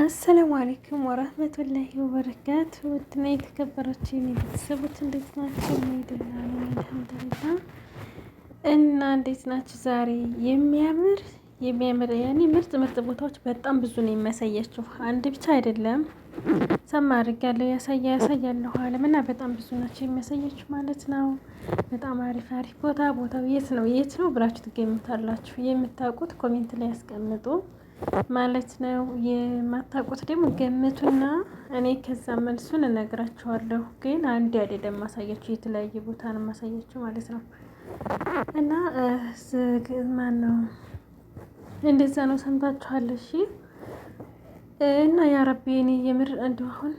አሰላሙ አለይኩም ወረህመቱላሂ ወበረካቱ። ውድና የተከበራችሁ የኔ ቤተሰቦች እንዴት ናቸው? ደህና ነኝ አልሐምዱሊላህ። እና እንዴት ናችሁ? ዛሬ የሚያምር የሚያምር ያኔ ምርጥ ምርጥ ቦታዎች በጣም ብዙ ነው የሚያሳያችሁ። አንድ ብቻ አይደለም። ሰማ አድርጋለሁ ያሳያ ያሳያለሁ አለም እና በጣም ብዙ ናቸው የሚያሳያችሁ ማለት ነው። በጣም አሪፍ አሪፍ ቦታ ቦታው የት ነው የት ነው ብላችሁ ትገምታላችሁ? የምታውቁት ኮሜንት ላይ ያስቀምጡ። ማለት ነው። የማታውቁት ደግሞ ገምቱና እኔ ከዛ መልሱን እነግራችኋለሁ። ግን አንድ አይደለም ማሳያችሁ፣ የተለያየ ቦታ ነው ማሳያችሁ ማለት ነው። እና ማን ነው እንደዛ ነው ሰምታችኋል። እሺ እና የአረቤ እኔ የምር እንዲሁ አሁን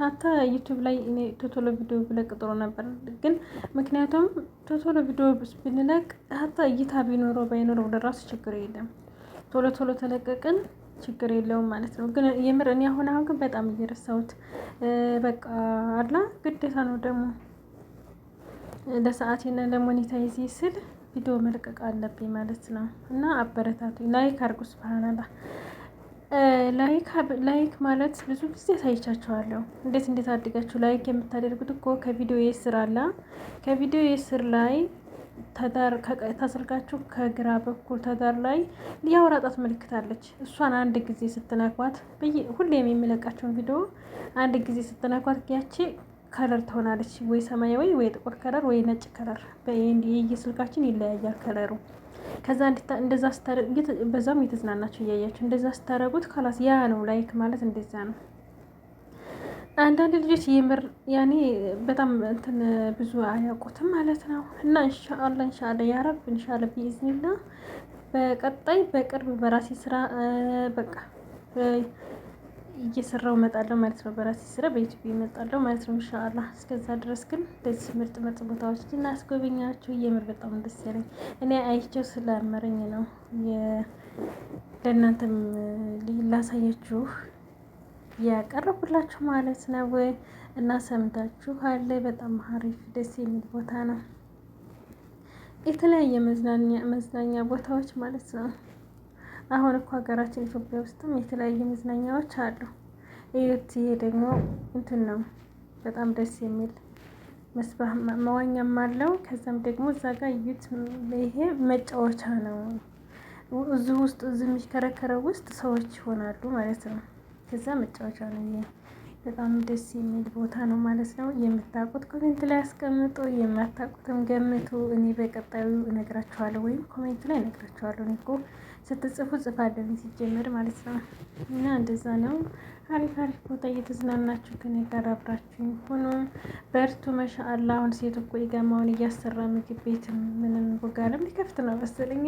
ሀታ ዩቱብ ላይ እኔ ቶቶሎ ቪዲዮ ብለቅ ጥሩ ነበር፣ ግን ምክንያቱም ቶቶሎ ቪዲዮ ብንለቅ ሀታ እይታ ቢኖረው ባይኖረው ለራሱ ችግር የለም ቶሎ ቶሎ ተለቀቅን ችግር የለውም ማለት ነው። ግን የምር እኔ አሁን አሁን ግን በጣም እየረሳሁት በቃ አላ ግዴታ ነው ደግሞ ለሰዓቴና ይዜ ስል ቪዲዮ መልቀቅ አለብኝ ማለት ነው። እና አበረታቱ ላይክ አድርጉ። ስብሃናላ ላይክ ማለት ብዙ ጊዜ ታይቻቸዋለሁ። እንዴት እንዴት አድጋችሁ ላይክ የምታደርጉት እኮ ከቪዲዮ የስር አላ ከቪዲዮ የስር ላይ ተዳር ተስልካችሁ ከግራ በኩል ተዳር ላይ የአውራጣት ምልክት አለች። እሷን አንድ ጊዜ ስትነኳት ሁሌም የሚለቃቸውን ቪዲዮ አንድ ጊዜ ስትነኳት ያቺ ከለር ትሆናለች። ወይ ሰማያዊ፣ ወይ ጥቁር ከለር፣ ወይ ነጭ ከለር። ስልካችን ይለያያል ከለሩ። ከዛ እንደዛ ስታደርግ በዛም የተዝናናቸው እያያቸው እንደዛ ስታደርጉት ከላስ ያ ነው ላይክ ማለት እንደዛ ነው። አንዳንድ ልጆች የምር ያኔ በጣም እንትን ብዙ አያውቁትም ማለት ነው። እና እንሻአላ እንሻአላ ያረብ እንሻለ ቢዝኒላ በቀጣይ በቅርብ በራሴ ስራ በቃ እየሰራው እመጣለሁ ማለት ነው። በራሴ ስራ በዩቲዩብ እመጣለሁ ማለት ነው እንሻአላ። እስከዛ ድረስ ግን እንደዚህ ምርጥ ምርጥ ቦታዎች አስጎበኛቸው የምር በጣም ደስ ያለኝ እኔ አይቸው ስላመረኝ ነው። ለእናንተም ላሳያችሁ ያቀረቡላችሁ ማለት ነው። እና ሰምታችኋል። በጣም ሀሪፍ ደስ የሚል ቦታ ነው። የተለያየ መዝናኛ ቦታዎች ማለት ነው። አሁን እኮ ሀገራችን ኢትዮጵያ ውስጥም የተለያየ መዝናኛዎች አሉ። እዩት። ይሄ ደግሞ እንትን ነው፣ በጣም ደስ የሚል መስባ መዋኛም አለው። ከዛም ደግሞ እዛ ጋር እዩት፣ ይሄ መጫወቻ ነው። እዚሁ ውስጥ እዚህ የሚሽከረከረው ውስጥ ሰዎች ይሆናሉ ማለት ነው። ከዛ መጫወቻ ነው። በጣም ደስ የሚል ቦታ ነው ማለት ነው። የምታውቁት ኮሜንት ላይ አስቀምጡ፣ የማታውቁትም ገምቱ። እኔ በቀጣዩ እነግራችኋለሁ ወይም ኮሜንት ላይ እነግራችኋለሁ። እኔ እኮ ስትጽፉ ጽፋለሁ ሲጀምር ማለት ነው። እና እንደዛ ነው። አሪፍ አሪፍ ቦታ እየተዝናናችሁ ከኔ ጋር አብራችሁኝ ሆኖ በርቱ። መሻአላ አሁን ሴት እኮ ኢቃማውን እያሰራ ምግብ ቤትም ምንም ቦጋለም ሊከፍት ነው መሰለኝ።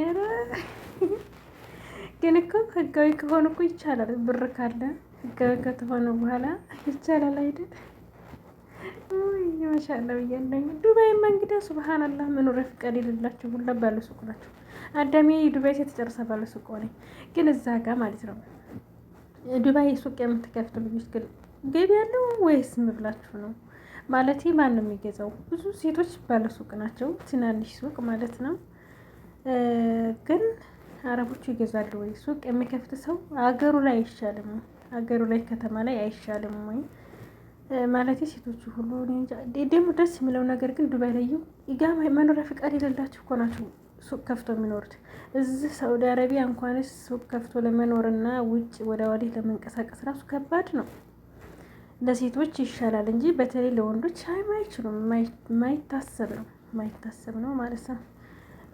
ግን እኮ ህጋዊ ከሆኑ እኮ ይቻላል ብር ካለ ከተሆነ በኋላ ይቻላል አይደል? ማሻአላ ብያለኝ። ዱባይ እንግዲህ ሱብሃንአላህ መኖሪያ ፍቃድ የሌላቸው ሁላ ባለሱቅ ናቸው። አዳሜ ዱባይ የተጨረሰ ባለሱቁ ሆነኝ። ግን እዛ ጋር ማለት ነው ዱባይ ሱቅ የምትከፍቱ ልጆች ግን ገቢ ያለው ወይስ ምብላችሁ ነው? ማለት ማን ነው የሚገዛው? ብዙ ሴቶች ባለሱቅ ናቸው፣ ትናንሽ ሱቅ ማለት ነው። ግን አረቦቹ ይገዛሉ ወይ? ሱቅ የሚከፍት ሰው አገሩ ላይ አይሻልም? አገሩ ላይ ከተማ ላይ አይሻልም ወይ ማለት ሴቶቹ ሁሉ ደግሞ ደስ የሚለው ነገር ግን ዱባይ ላይ ጋ መኖሪያ ፍቃድ የሌላቸው እኮ ናቸው ሱቅ ከፍቶ የሚኖሩት። እዚህ ሳውዲ አረቢያ እንኳንስ ሱቅ ከፍቶ ለመኖርና ውጭ ወደ ወዲህ ለመንቀሳቀስ ራሱ ከባድ ነው። ለሴቶች ይሻላል እንጂ በተለይ ለወንዶች ማይችሉም፣ ማይታሰብ ነው ማይታሰብ ነው ማለት ነው።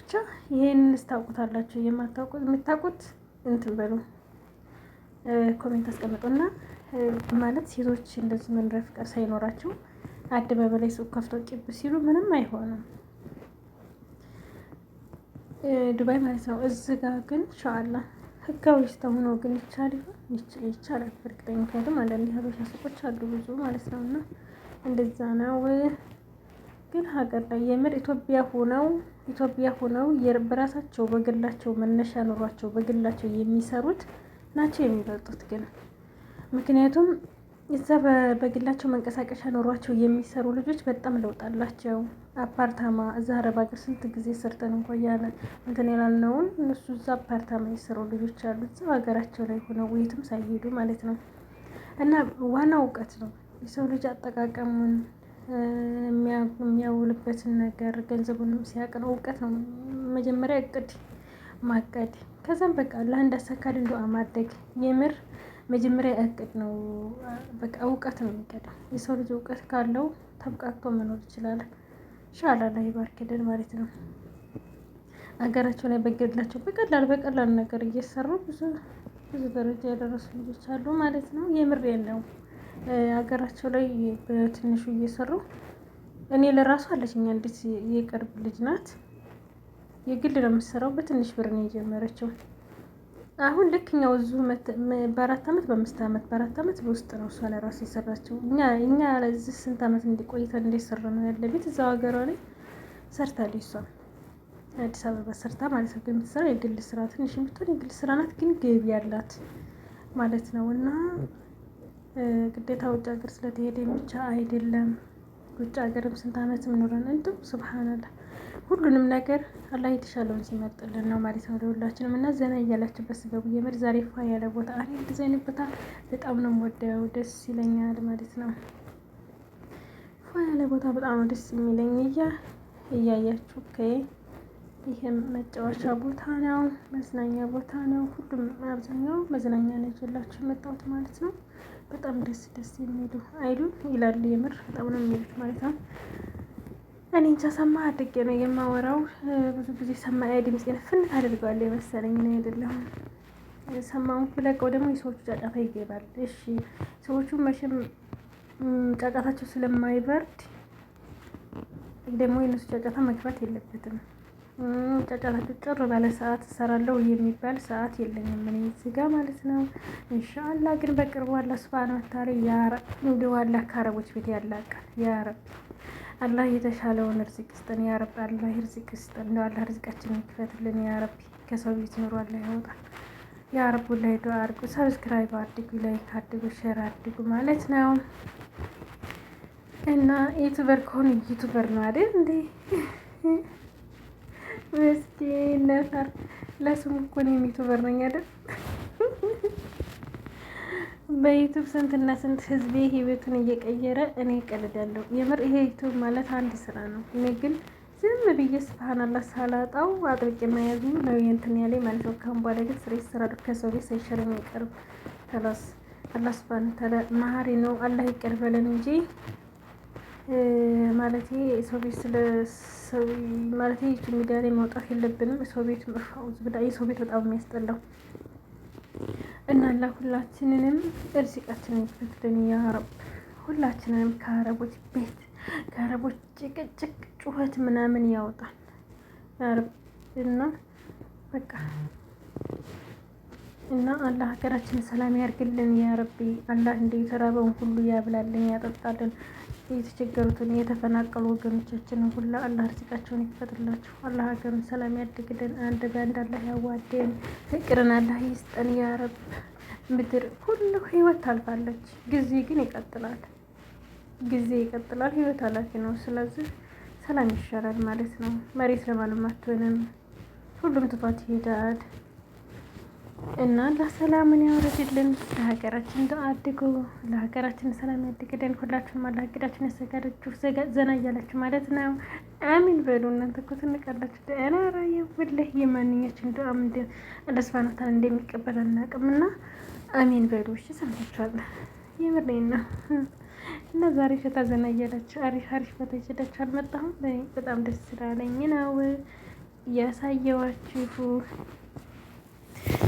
ብቻ ይሄንን ስታውቁታላችሁ። የማታውቁት የምታውቁት እንትን በሉ ኮሜንት አስቀምጡና ማለት ሴቶች እንደዚህ መኖሪያ ፍቅር ሳይኖራቸው አደባባይ ላይ ሱቅ ከፍተው ጭብ ሲሉ ምንም አይሆንም። ዱባይ ማለት ነው። እዚ ጋር ግን ሻአላ ህጋዊ ስተሆኖ ግን ይቻል ይሆን ይቻላል። በእርግጠኝ ምክንያቱም አንዳንድ ሀበሻ ሱቆች አሉ ብዙ ማለት ነው። እና እንደዛ ነው። ግን ሀገር ላይ የምር ኢትዮጵያ ሆነው ኢትዮጵያ ሆነው በራሳቸው በግላቸው መነሻ ኑሯቸው በግላቸው የሚሰሩት ናቸው የሚበልጡት ግን ምክንያቱም እዛ በግላቸው መንቀሳቀሻ ኖሯቸው የሚሰሩ ልጆች በጣም ለውጥ አላቸው። አፓርታማ እዛ አረብ ሀገር ስንት ጊዜ ሰርተን እንኳ እንትን ያላልነውን እነሱ እዛ አፓርታማ የሰሩ ልጆች አሉ። እዛው ሀገራቸው ላይ ሆነው ውይይትም ሳይሄዱ ማለት ነው። እና ዋናው እውቀት ነው። የሰው ልጅ አጠቃቀሙን የሚያውልበትን ነገር ገንዘቡንም ሲያቅ ነው። እውቀት ነው መጀመሪያ እቅድ ማቀድ ከዛም በቃ አላህ እንዳሳካልን ዱዓ ማድረግ የምር መጀመሪያ እቅድ ነው። በቃ እውቀት ነው የሚቀዳው። የሰው ልጅ እውቀት ካለው ተብቃቶ መኖር ይችላል። ሻላ ላይ ባርክልን ማለት ነው። አገራቸው ላይ በገድላቸው በቀላል በቀላል ነገር እየሰሩ ብዙ ብዙ ደረጃ የደረሱ ልጆች አሉ ማለት ነው። የምር የለው አገራቸው ላይ በትንሹ እየሰሩ እኔ ለራሱ አለችኝ አንዲት የቅርብ ልጅ ናት የግል ነው የምትሰራው። በትንሽ ብር ነው የጀመረችው። አሁን ልክ እኛው እዚሁ በአራት አመት በአምስት አመት በአራት አመት በውስጥ ነው እሷ ለራሱ የሰራችው። እኛ እኛ ለዚህ ስንት አመት እንዲቆይተን እንደሰራ ነው ያለ ቤት እዛው ሀገሯ ላይ ሰርታለች። እሷ አዲስ አበባ ሰርታ ማለት ነው የምትሰራ የግል ስራ ትንሽ የምትሆን የግል ስራ ናት፣ ግን ገቢ ያላት ማለት ነው። እና ግዴታ ውጭ ሀገር ስለተሄደ የሚቻ አይደለም ውጭ ሀገርም ስንት ዓመት ምኖረን እንዲሁም ስብሓንላ ሁሉንም ነገር አላህ የተሻለውን ሲመርጥልን ነው ማለት ነው። ለሁላችንም እና ዘና እያላችሁበት ስገቡ የምር ዛሬ ፋ ያለ ቦታ አሬ እንደዚህ ቦታ በጣም ነው ወደው ደስ ይለኛል ማለት ነው። ፋ ያለ ቦታ በጣም ነው ደስ የሚለኝ እያ እያያችሁ ይሄ መጫወቻ ቦታ ነው፣ መዝናኛ ቦታ ነው። ሁሉም አብዛኛው መዝናኛ ነው ይዤላችሁ የመጣሁት ማለት ነው። በጣም ደስ ደስ የሚሉ አይሉ ይላሉ የምር በጣም ነው የሚሉት ማለት ነው። እኔ እንጃ ሰማ አድጌ ነው የማወራው። ብዙ ጊዜ ሰማ ድምፄን ፍንት አድርገዋለሁ የመሰለኝ ነው አይደለም። ሰማውን ብለቀው ደግሞ የሰዎቹ ጫጫታ ይገባል። እሺ ሰዎቹ መቼም ጫጫታቸው ስለማይበርድ ደግሞ የነሱ ጫጫታ መግባት የለበትም። ጫጫታቸው ጭር ባለ ሰዓት እሰራለሁ የሚባል ሰዓት የለኝም ምን ዝጋ ማለት ነው። እንሻላ ግን በቅርቡ አላ ስብን መታሪ ያረ እንዲ አላ ከአረቦች ቤት ያላቃል ያረብ አላህ የተሻለውን ርዝቅ ስጠን ያረብ። አላህ ርዝቅ ስጠን እንደ አላህ ርዝቃችንን ክፈትልን ያረብ። ከሰው ቤት ኑሮ አላህ ያወጣል ያረብ። ላይ ዱዓ አድርጉ፣ ሰብስክራይብ አድርጉ፣ ላይክ አድርጉ፣ ሼር አድርጉ ማለት ነው። እና ዩቱበር ከሆኑ ዩቱበር ነው አይደል እንዴ? ምስኪን ነፈር ለስሙ እኮ እኔም ዩቱበር ነኝ አይደል? በዩቱብ ስንትና ስንት ህዝቤ ህይወቱን እየቀየረ እኔ ቀልዳለሁ። የምር ይሄ ዩቱብ ማለት አንድ ስራ ነው። እኔ ግን ዝም ብዬ ስብሃናላ ሳላጣው አጥብቄ መያዙ ነው የንትን ያለ ማለት ነው። ካሁን በኋላ ግን ስራ ስራ ከሰው ቤት ሳይሸር የሚቀርብ ተላስ አላህ ስብሃነ ተዓላ መሀሪ ነው። አላህ ይቅር በለን እንጂ ማለት ሰው ቤት ስለ ማለት ዩቱብ ሚዲያ ላይ ማውጣት የለብንም። ሰው ቤት ሰው ቤት በጣም የሚያስጠላው እና ለሁላችንንም እርዚቃችንን ይክፈትልን ያ ረብ። ሁላችንንም ከአረቦች ቤት ከአረቦች ጭቅጭቅ፣ ጩኸት ምናምን ያወጣል ያ ረብ። እና በቃ እና አላህ ሀገራችን ሰላም ያርግልን ያ ረቢ። አላህ እንደ የተራበውን ሁሉ ያብላልን፣ ያጠጣልን። የተቸገሩትን የተፈናቀሉ ወገኖቻችን ሁላ አላህ ርዝቃቸውን ይክፈትላችሁ። አላህ ሀገሩን ሰላም ያድግልን። አንድ በአንድ አላህ ያዋደን፣ ፍቅርን አላህ ይስጠን። ያረብ ምድር ሁሉ ህይወት ታልፋለች፣ ጊዜ ግን ይቀጥላል። ጊዜ ይቀጥላል። ህይወት ኃላፊ ነው። ስለዚህ ሰላም ይሻላል ማለት ነው። መሬት ለማንም አትሆንም። ሁሉም ትቷት ይሄዳል። እና ለሰላምን ያውረድልን ለሀገራችን አድጎ ለሀገራችን ሰላም ያድግልን። ሁላችሁም አላግዳችን ያሰጋዳችሁ ዘና እያላችሁ ማለት ነው። አሚን በሉ እናንተ እኮ ትንቃላችሁ። ደናራ የውልህ የማንኛችን ዱዓ ምንድን ለስፋኖታን እንደሚቀበል አናውቅም እና አሚን በሉ እሺ። ሰምታችኋል። የምሬን ነው እና ዛሬ ፈታ ዘና እያላችሁ አሪፍ አሪፍ ፈታ ይችላችሁ አልመጣሁም በጣም ደስ ስላለኝ ነው ያሳየዋችሁ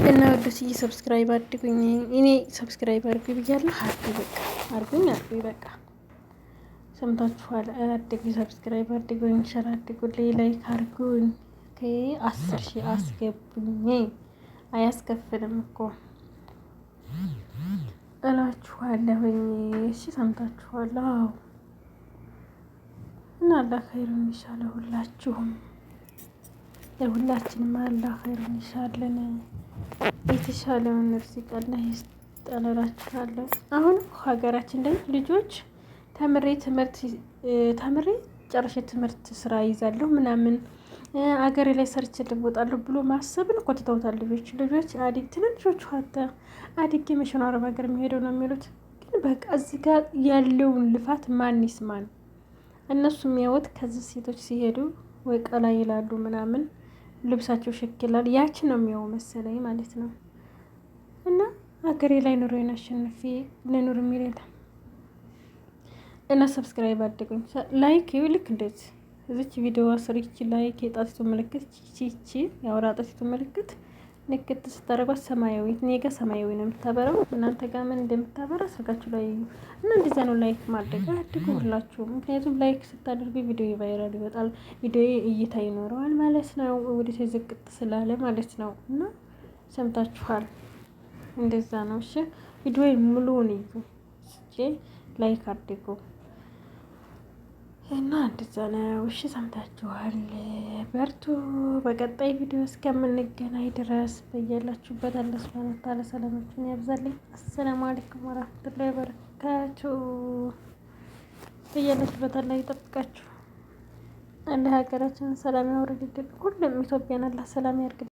እና ወዶችዬ ሰብስክራይብ አድርጉኝ። እኔ ሰብስክራይብ አድርጉኝ ብያለሁ። አድርጉ በቃ አድርጉኝ፣ አድርጉኝ በቃ ሰምታችኋል። አድርጉኝ፣ ሰብስክራይብ አድርጉኝ፣ ሸር አድርጉልኝ፣ ላይክ አድርጉኝ። አስር ሺህ አስገቡኝ። አያስከፍልም እኮ እላችኋለሁኝ። እሺ ሰምታችኋል። አዎ እና አላህ ኸይሩን ይሻለ ሁላችሁም፣ ለሁላችንም አላህ ኸይሩን ይሻለን። የተሻለውን ርዝቅ አላህ ይስጠን አሁን ሀገራችን ላይ ልጆች ተምሬ ትምህርት ተምሬ ጨርሼ ትምህርት ስራ ይዛለሁ ምናምን አገሬ ላይ ሰርቼ ልወጣለሁ ብሎ ማሰብን እኮ ልጆች ልጆች አዲግ ትንንሾቹ ሀተ አዲግ የመሸኑ አረብ ሀገር የሚሄደው ነው የሚሉት። ግን በቃ እዚህ ጋር ያለውን ልፋት ማን ይስማን? እነሱ የሚያወት ከዚህ ሴቶች ሲሄዱ ወይ ቀላ ይላሉ ምናምን ልብሳቸው ሸክላል ያች ነው የሚያው መሰለኝ ማለት ነው። እና አገሬ ላይ ኑሮዬን አሸንፌ ለኑር የሚል የለም። እና ሰብስክራይብ አድርጉኝ፣ ላይክ ይኸው ልክ እንደዚህ እዚች ቪዲዮ ስር ይቺ ላይክ የጣቲቱ ምልክት ቺቺ የአውራ ጣቲቱ ምልክት ንክት ስታደርጓት ሰማያዊ ኔጋ ጋ ሰማያዊ ነው የምታበረው፣ እናንተ ጋር ምን እንደምታበረ ስልካችሁ ላይ እና እንደዛ ነው። ላይክ ማድረግ አድጉ ሁላችሁ፣ ምክንያቱም ላይክ ስታደርጉ ቪዲዮ ቫይራል ይወጣል፣ ቪዲዮ እይታ ይኖረዋል ማለት ነው። ወደ ዝቅጥ ስላለ ማለት ነው። እና ሰምታችኋል፣ እንደዛ ነው። እሺ ቪዲዮ ሙሉውን እዩ ላይክ አድጉ። እና እንደዛ ነው። እሺ ሰምታችኋል። በርቱ። በቀጣይ ቪዲዮ እስከምንገናኝ ድረስ በያላችሁበት አለ ስብን ታለ ሰላማችሁን ያብዛልኝ። አሰላሙ አለይኩም ወራህመቱላሂ ወበረካቱ። በያላችሁበት አለ ይጠብቃችሁ። አለ ሀገራችን ሰላም ያውርድልን። ሁሉም ኢትዮጵያን አላህ ሰላም ያርግልን።